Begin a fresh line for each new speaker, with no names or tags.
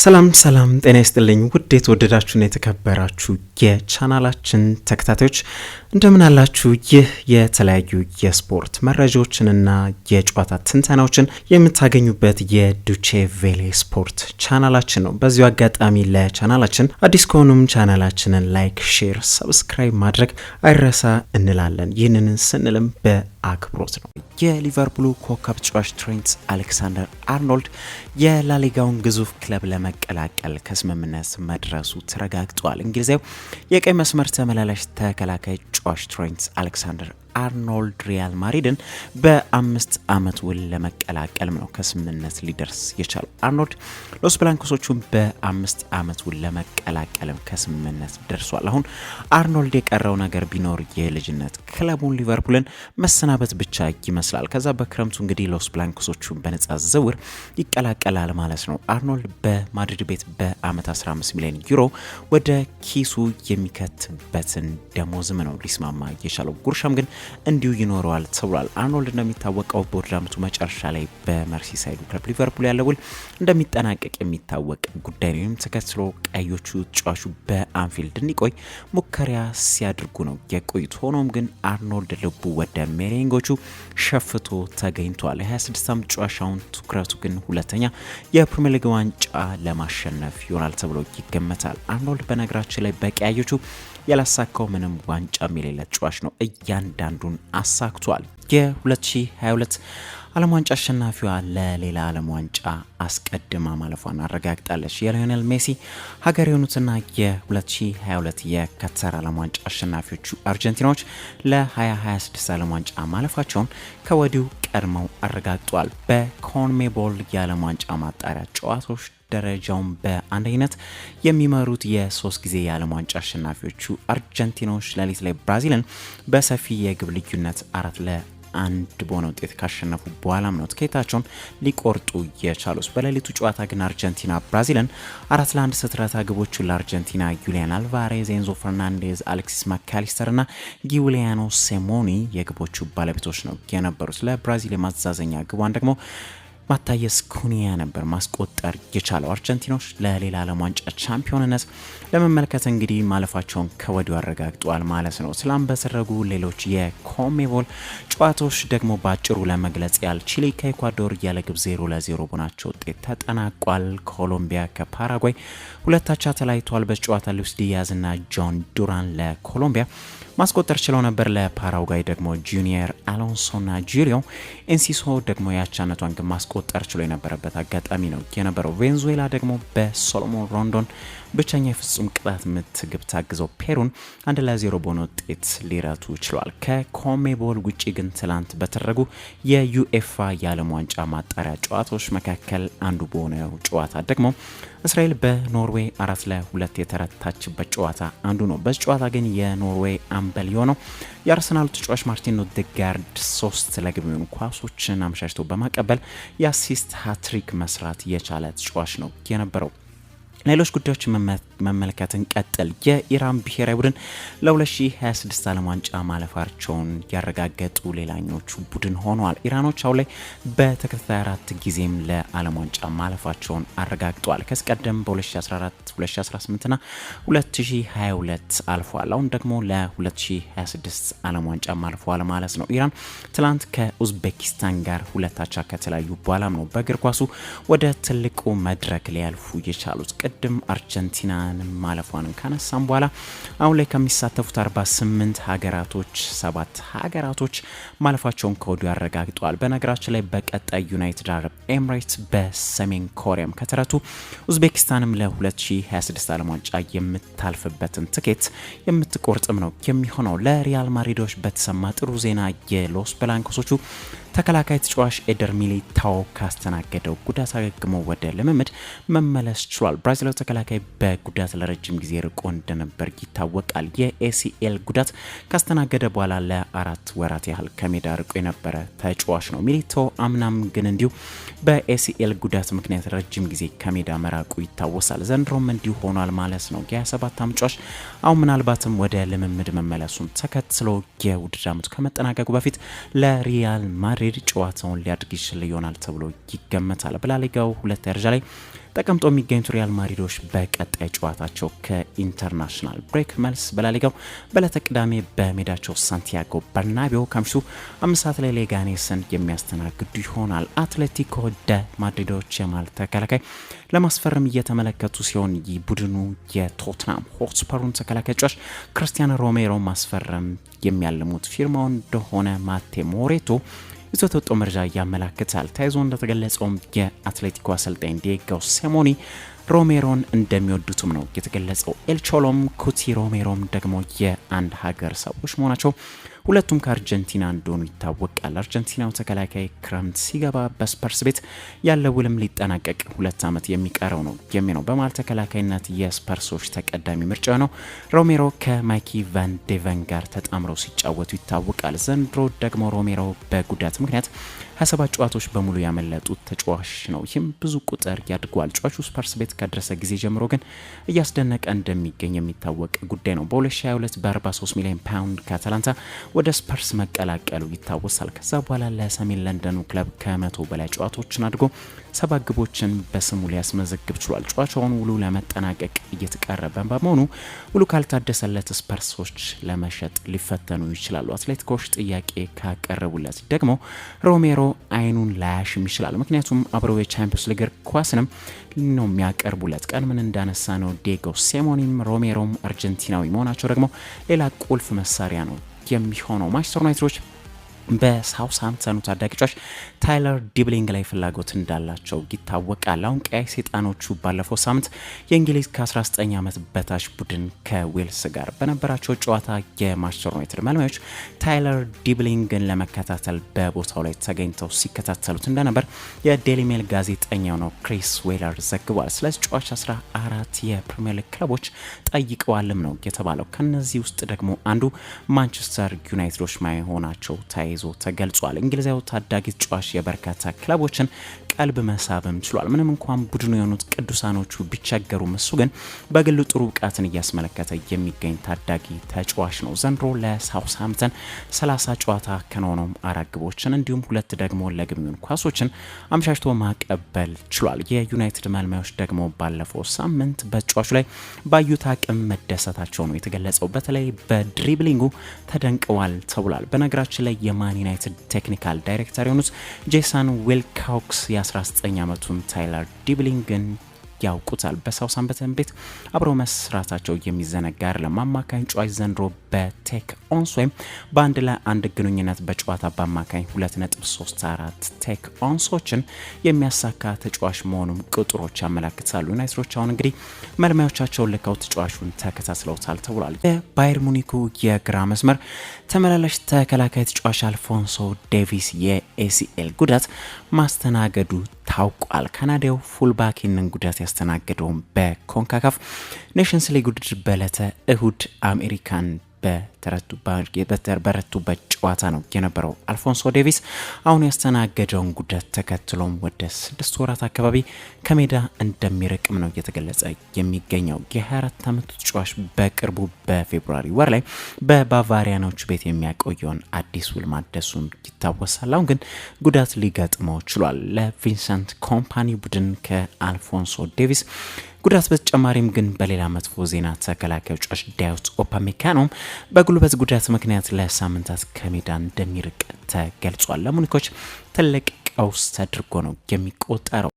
ሰላም ሰላም፣ ጤና ይስጥልኝ ውድ የተወደዳችሁና የተከበራችሁ የቻናላችን ተከታታዮች እንደምን አላችሁ? ይህ የተለያዩ የስፖርት መረጃዎችንና የጨዋታ ትንተናዎችን የምታገኙበት የዱቼ ቬሌ ስፖርት ቻናላችን ነው። በዚሁ አጋጣሚ ለቻናላችን አዲስ ከሆኑም ቻናላችንን ላይክ፣ ሼር፣ ሰብስክራይብ ማድረግ አይረሳ እንላለን። ይህንን ስንልም በአክብሮት ነው። የሊቨርፑሉ ኮከብ ተጫዋች ትሬንት አሌክሳንደር አርኖልድ የላሊጋውን ግዙፍ ክለብ ለመቀላቀል ከስምምነት መድረሱ ተረጋግጧል። እንግሊዛዊ የቀይ መስመር ተመላላሽ ተከላካይ ጆሽ ትሮይንት አሌክሳንደር አርኖልድ ሪያል ማድሪድን በአምስት ዓመት ውል ለመቀላቀልም ነው ከስምምነት ሊደርስ የቻለው። አርኖልድ ሎስ ብላንኮሶቹን በአምስት ዓመት ውል ለመቀላቀልም ከስምምነት ደርሷል። አሁን አርኖልድ የቀረው ነገር ቢኖር የልጅነት ክለቡን ሊቨርፑልን መሰናበት ብቻ ይመስላል። ከዛ በክረምቱ እንግዲህ ሎስ ብላንኮሶቹን በነጻ ዝውውር ይቀላቀላል ማለት ነው። አርኖልድ በማድሪድ ቤት በአመት 15 ሚሊዮን ዩሮ ወደ ኪሱ የሚከትበትን ደሞዝም ነው ሊስማማ የቻለው። ጉርሻም ግን እንዲሁ ይኖረዋል ተብሏል። አርኖልድ እንደሚታወቀው በውድድር አመቱ መጨረሻ ላይ በመርሲሳይዱ ክለብ ሊቨርፑል ያለ ውል እንደሚጠናቀቅ የሚታወቅ ጉዳይ ነው። ይህም ተከትሎ ቀዮቹ ተጫዋቹ በአንፊልድ እንዲቆይ ሙከራ ሲያደርጉ ነው የቆዩት። ሆኖም ግን አርኖልድ ልቡ ወደ ሜሬንጎቹ ሸፍቶ ተገኝቷል። የ26 ዓመት ተጫዋች ትኩረቱ ግን ሁለተኛ የፕሪሚየር ሊግ ዋንጫ ለማሸነፍ ይሆናል ተብሎ ይገመታል። አርኖልድ በነገራችን ላይ በቀያዮቹ ያላሳካው ምንም ዋንጫም የሌለ ተጫዋች ነው። እያንዳንዱን አሳክቷል። የ2022 ዓለም ዋንጫ አሸናፊዋ ለሌላ ዓለም ዋንጫ አስቀድማ ማለፏን አረጋግጣለች። የሊዮኔል ሜሲ ሀገር የሆኑትና የ2022 የከተር ዓለም ዋንጫ አሸናፊዎቹ አርጀንቲናዎች ለ2026 ዓለም ዋንጫ ማለፋቸውን ከወዲሁ ቀድመው አረጋግጧል። በኮንሜቦል የዓለም ዋንጫ ማጣሪያ ጨዋታዎች ደረጃውን በአንደኝነት የሚመሩት የሶስት ጊዜ የዓለም ዋንጫ አሸናፊዎቹ አርጀንቲናዎች ሌሊት ላይ ብራዚልን በሰፊ የግብ ልዩነት አራት ለ አንድ በሆነ ውጤት ካሸነፉ በኋላም ነው ትኬታቸውን ሊቆርጡ የቻሉት። በሌሊቱ ጨዋታ ግን አርጀንቲና ብራዚልን አራት ለአንድ ስትረታ ግቦቹን ለአርጀንቲና ዩሊያን አልቫሬዝ፣ ኤንዞ ፈርናንዴዝ፣ አሌክሲስ ማካሊስተር ና ጊውሊያኖ ሴሞኒ የግቦቹ ባለቤቶች ነው የነበሩት። ለብራዚል የማዛዘኛ ግቧን ደግሞ ማታየስ ኩኒያ ነበር ማስቆጠር የቻለው። አርጀንቲኖች ለሌላ ዓለም ዋንጫ ቻምፒዮንነት ለመመልከት እንግዲህ ማለፋቸውን ከወዲሁ አረጋግጧል ማለት ነው። ስላንበሰረጉ ሌሎች የኮሜቦል ጨዋታዎች ደግሞ በአጭሩ ለመግለጽ ያህል ቺሊ ከኤኳዶር ያለ ግብ 0 ለ0 በሆናቸው ውጤት ተጠናቋል። ኮሎምቢያ ከፓራጓይ ሁለታቻ ተለያይተዋል። በጨዋታ ሉስ ዲያዝና ጆን ዱራን ለኮሎምቢያ ማስቆጠር ችለው ነበር። ለፓራጓይ ደግሞ ጁኒየር አሎንሶ አሎንሶና ጁሊዮ ኢንሲሶ ደግሞ የአቻነቷን ግብ ማስቆ ማስቆጠር ችሎ የነበረበት አጋጣሚ ነው የነበረው። ቬንዙዌላ ደግሞ በሶሎሞን ሮንዶን ብቸኛ የፍጹም ቅጣት ምት ግብ ታግዘው ፔሩን አንድ ለዜሮ በሆነ ውጤት ሊረቱ ችሏል። ከኮሜቦል ውጭ ግን ትላንት በተደረጉ የዩኤፋ የዓለም ዋንጫ ማጣሪያ ጨዋታዎች መካከል አንዱ በሆነው ጨዋታ ደግሞ እስራኤል በኖርዌይ አራት ለሁለት የተረታችበት ጨዋታ አንዱ ነው። በዚህ ጨዋታ ግን የኖርዌይ አምበል የሆነው የአርሰናሉ ተጫዋች ማርቲን ኦዴጋርድ ሶስት ለግብ የሆኑ ኳሶችን አመሻሽቶ በማቀበል የአሲስት ሃትሪክ መስራት የቻለ ተጫዋች ነው የነበረው። ሌሎች ጉዳዮች መመልከትን ቀጥል። የኢራን ብሔራዊ ቡድን ለ2026 ዓለም ዋንጫ ማለፋቸውን ያረጋገጡ ሌላኞቹ ቡድን ሆኗል። ኢራኖች አሁን ላይ በተከታታይ አራት ጊዜም ለዓለም ዋንጫ ማለፋቸውን አረጋግጠዋል። ከዚህ ቀደም በ2014 2018ና 2022 አልፏል። አሁን ደግሞ ለ2026 ዓለም ዋንጫ ማልፏል ማለት ነው። ኢራን ትላንት ከኡዝቤኪስታን ጋር ሁለታቻ ከተለያዩ በኋላም ነው በእግር ኳሱ ወደ ትልቁ መድረክ ሊያልፉ የቻሉት። ቅድም አርጀንቲናን ማለፏን ካነሳም በኋላ አሁን ላይ ከሚሳተፉት 48 ሀገራቶች ሰባት ሀገራቶች ማለፋቸውን ከወዲሁ ያረጋግጠዋል። በነገራችን ላይ በቀጣይ ዩናይትድ አረብ ኤምሬትስ በሰሜን ኮሪያም ከተረቱ ኡዝቤኪስታንም ለ2026 ዓለም ዋንጫ የምታልፍበትን ትኬት የምትቆርጥም ነው የሚሆነው። ለሪያል ማድሪዶች በተሰማ ጥሩ ዜና የሎስ ብላንኮሶቹ ተከላካይ ተጫዋች ኤደር ሚሊታው ካስተናገደው ጉዳት አገግሞ ወደ ልምምድ መመለስ ችሏል። ብራዚላዊ ተከላካይ በጉዳት ለረጅም ጊዜ ርቆ እንደነበር ይታወቃል። የኤሲኤል ጉዳት ካስተናገደ በኋላ ለአራት ወራት ያህል ከሜዳ ርቆ የነበረ ተጫዋች ነው። ሚሊታው አምናም ግን እንዲሁ በኤሲኤል ጉዳት ምክንያት ረጅም ጊዜ ከሜዳ መራቁ ይታወሳል። ዘንድሮም እንዲሁ ሆኗል ማለት ነው። የ27 ተጫዋች አሁን ምናልባትም ወደ ልምምድ መመለሱን ተከትሎ የውድድር ዓመቱ ከመጠናቀቁ በፊት ለሪያል ማድሪድ ማድሪድ ጨዋታውን ሊያድግ ይችል ይሆናል ተብሎ ይገመታል። በላሊጋው ሁለት ደረጃ ላይ ተቀምጦ የሚገኙት ሪያል ማድሪዶች በቀጣይ ጨዋታቸው ከኢንተርናሽናል ብሬክ መልስ በላሊጋው በዕለተ ቅዳሜ በሜዳቸው ሳንቲያጎ በርናቢዮ ከምሽቱ አምስት ሰዓት ላይ ሌጋኔስን የሚያስተናግዱ ይሆናል። አትሌቲኮ ደ ማድሪዶች የማል ተከላካይ ለማስፈረም እየተመለከቱ ሲሆን ቡድኑ የቶትናም ሆትስፐሩን ተከላካይ ጫዋች ክርስቲያን ሮሜሮ ማስፈረም የሚያልሙት ፊርማው እንደሆነ ማቴ ሞሬቶ ይዞት የተወጣው መረጃ ያመላክታል። ተያይዞ እንደተገለጸውም የአትሌቲኮ አሰልጣኝ ዲየጎ ሲሞኔ ሮሜሮን እንደሚወዱትም ነው የተገለጸው። ኤልቾሎም ኩቲ ሮሜሮም ደግሞ የአንድ ሀገር ሰዎች መሆናቸው ሁለቱም ከአርጀንቲና እንደሆኑ ይታወቃል። አርጀንቲናው ተከላካይ ክረምት ሲገባ በስፐርስ ቤት ያለ ውልም ሊጠናቀቅ ሁለት ዓመት የሚቀረው ነው የሚነው በመሃል ተከላካይነት የስፐርሶች ተቀዳሚ ምርጫ ነው። ሮሜሮ ከማይኪ ቫን ዴቨን ጋር ተጣምረው ሲጫወቱ ይታወቃል። ዘንድሮ ደግሞ ሮሜሮ በጉዳት ምክንያት 27 ጨዋታዎች በሙሉ ያመለጡት ተጫዋች ነው። ይህም ብዙ ቁጥር ያድገዋል። ጨዋቹ ስፐርስ ቤት ውጤት ከደረሰ ጊዜ ጀምሮ ግን እያስደነቀ እንደሚገኝ የሚታወቅ ጉዳይ ነው። በ2022 በ43 ሚሊዮን ፓውንድ ከአታላንታ ወደ ስፐርስ መቀላቀሉ ይታወሳል። ከዛ በኋላ ለሰሜን ለንደኑ ክለብ ከመቶ በላይ ጨዋታዎችን አድጎ ሰባ ግቦችን በስሙ ሊያስመዘግብ ችሏል። ጨዋታውን ውሉ ለመጠናቀቅ እየተቃረበ በመሆኑ ውሉ ካልታደሰለት ስፐርሶች ለመሸጥ ሊፈተኑ ይችላሉ። አትሌቲኮች ጥያቄ ካቀረቡለት ደግሞ ሮሜሮ አይኑን ላያሽም ይችላል። ምክንያቱም አብረው የቻምፒዮንስ ሊግ እግር ኳስንም ነው የሚያውቅ በቅርብ ሁለት ቀን ምን እንዳነሳ ነው ዴጎ ሲሞኒም ሮሜሮም አርጀንቲናዊ መሆናቸው ደግሞ ሌላ ቁልፍ መሳሪያ ነው የሚሆነው ማንቸስተር ዩናይትዶች በሳውስሃምፕተኑ ታዳጊ ተጫዋች ታይለር ዲብሊንግ ላይ ፍላጎት እንዳላቸው ይታወቃል። አሁን ቀያይ ሰይጣኖቹ ባለፈው ሳምንት የእንግሊዝ ከ19 ዓመት በታች ቡድን ከዌልስ ጋር በነበራቸው ጨዋታ የማንቸስተር ዩናይትድ መልማዮች ታይለር ዲብሊንግን ለመከታተል በቦታው ላይ ተገኝተው ሲከታተሉት እንደነበር የዴሊ ሜል ጋዜጠኛው ነው ክሪስ ዌለር ዘግቧል። ስለ ተጫዋች 14 የፕሪምየር ሊግ ክለቦች ጠይቀዋልም ነው የተባለው። ከነዚህ ውስጥ ደግሞ አንዱ ማንቸስተር ዩናይትዶች ማይሆናቸው ተያይዞ ይዞ ተገልጿል። እንግሊዛዊ ታዳጊ ተጫዋች የበርካታ ክለቦችን ቀልብ መሳብም ችሏል። ምንም እንኳን ቡድኑ የሆኑት ቅዱሳኖቹ ቢቸገሩም እሱ ግን በግል ጥሩ ብቃትን እያስመለከተ የሚገኝ ታዳጊ ተጫዋች ነው። ዘንድሮ ለሳውስሃምተን 30 ጨዋታ ከነሆነውም አራት ግቦችን እንዲሁም ሁለት ደግሞ ለግብ ኳሶችን አምሻሽቶ ማቀበል ችሏል። የዩናይትድ መልማዮች ደግሞ ባለፈው ሳምንት በተጫዋቹ ላይ ባዩት አቅም መደሰታቸው ነው የተገለጸው። በተለይ በድሪብሊንጉ ተደንቀዋል ተብሏል። በነገራችን ላይ የማ የማን ዩናይትድ ቴክኒካል ዳይሬክተር የሆኑት ጄሰን ዊልካውክስ የ19 ዓመቱን ታይለር ዲብሊንግን ያውቁታል። በሳውሳምፕተን ቤት አብረው መስራታቸው የሚዘነጋ ለማማካኝ ጨዋች ዘንድሮ በቴክ ኦንስ ወይም በአንድ ላይ አንድ ግንኙነት በጨዋታ በአማካኝ 2.34 ቴክ ኦንሶችን የሚያሳካ ተጫዋች መሆኑን ቁጥሮች ያመላክታሉ። ዩናይትዶች አሁን እንግዲህ መልማዮቻቸውን ልከው ተጫዋቹን ተከታትለውታል ተብሏል። የባየር ሙኒኩ የግራ መስመር ተመላላሽ ተከላካይ ተጫዋች አልፎንሶ ዴቪስ የኤሲኤል ጉዳት ማስተናገዱ ታውቋል። ካናዳው ፉልባክ ይህንን ጉዳት ያስተናገደውን በኮንካካፍ ኔሽንስ ሊግ ውድድር በዕለተ እሁድ አሜሪካን በ በረቱበት ጨዋታ ነው የነበረው። አልፎንሶ ዴቪስ አሁን ያስተናገደውን ጉዳት ተከትሎም ወደ ስድስት ወራት አካባቢ ከሜዳ እንደሚርቅም ነው እየተገለጸ የሚገኘው። የ24 ዓመቱ ተጫዋች በቅርቡ በፌብሩዋሪ ወር ላይ በባቫሪያኖቹ ቤት የሚያቆየውን አዲስ ውል ማደሱም ይታወሳል። አሁን ግን ጉዳት ሊገጥመው ችሏል። ለቪንሰንት ኮምፓኒ ቡድን ከአልፎንሶ ዴቪስ ጉዳት በተጨማሪም ግን በሌላ መጥፎ ዜና ተከላካዩ ተጫዋች ዳዮት ኦፓሜካኖም በጉ በጉልበት ጉዳት ምክንያት ለሳምንታት ከሜዳ እንደሚርቅ ተገልጿል። ለሙኒኮች ትልቅ ቀውስ ተድርጎ ነው የሚቆጠረው።